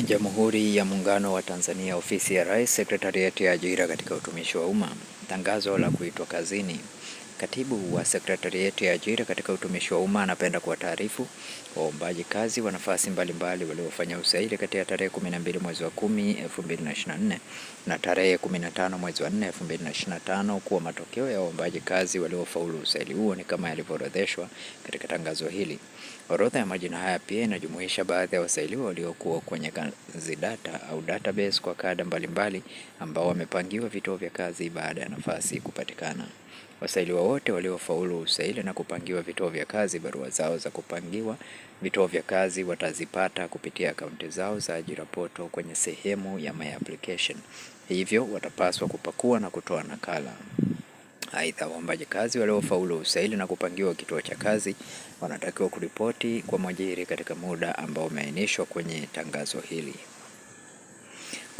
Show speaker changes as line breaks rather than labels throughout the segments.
Jamhuri ya Muungano wa Tanzania, Ofisi ya Rais, Sekretarieti ya Ajira katika Utumishi wa Umma, tangazo la kuitwa kazini. Katibu wa Sekretarieti ya Ajira katika Utumishi wa Umma anapenda kuwataarifu waombaji kazi wa nafasi mbalimbali waliofanya usaili kati ya tarehe 12 mwezi wa 10 2024 na tarehe 15 mwezi wa 4 2025 kuwa matokeo ya waombaji kazi waliofaulu usaili huo ni kama yalivyoorodheshwa katika tangazo hili. Orodha ya majina haya pia inajumuisha baadhi ya wasailiwa waliokuwa kwenye kazi data au database kwa kada mbalimbali ambao wamepangiwa vituo vya kazi baada ya nafasi kupatikana. Wasailiwa wote waliofaulu usaili na kupangiwa vituo vya kazi, barua zao za kupangiwa vituo vya kazi watazipata kupitia akaunti zao za ajira poto kwenye sehemu ya my application. Hivyo watapaswa kupakua na kutoa nakala. Aidha, waombaji kazi waliofaulu usaili na kupangiwa kituo cha kazi wanatakiwa kuripoti kwa mwajiri katika muda ambao umeainishwa kwenye tangazo hili.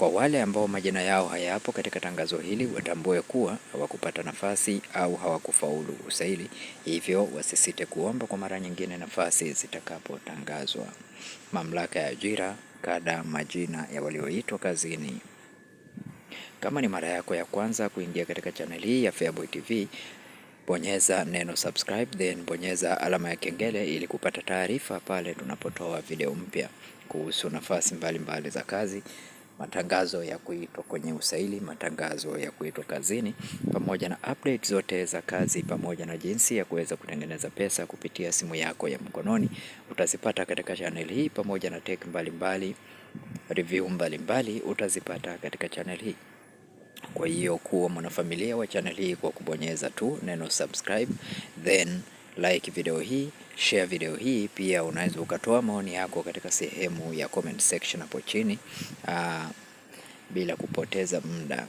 Kwa wale ambao majina yao hayapo katika tangazo hili, watambue kuwa hawakupata nafasi au hawakufaulu usaili, hivyo wasisite kuomba kwa mara nyingine nafasi zitakapotangazwa. Mamlaka ya Ajira, kada, majina ya walioitwa kazini. Kama ni mara yako ya kwanza kuingia katika chaneli hii ya Feaboy TV, bonyeza neno subscribe, then bonyeza alama ya kengele ili kupata taarifa pale tunapotoa video mpya kuhusu nafasi mbalimbali mbali za kazi matangazo ya kuitwa kwenye usaili, matangazo ya kuitwa kazini, pamoja na update zote za kazi, pamoja na jinsi ya kuweza kutengeneza pesa kupitia simu yako ya mkononi, utazipata katika channel hii, pamoja na tech mbalimbali, review mbalimbali utazipata katika channel hii. Kwa hiyo kuwa mwanafamilia wa channel hii kwa kubonyeza tu neno subscribe, then like video hii share video hii. Pia unaweza ukatoa maoni yako katika sehemu ya comment section hapo chini. Aa, ah, bila kupoteza muda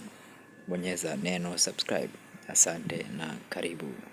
bonyeza neno subscribe. Asante na karibu.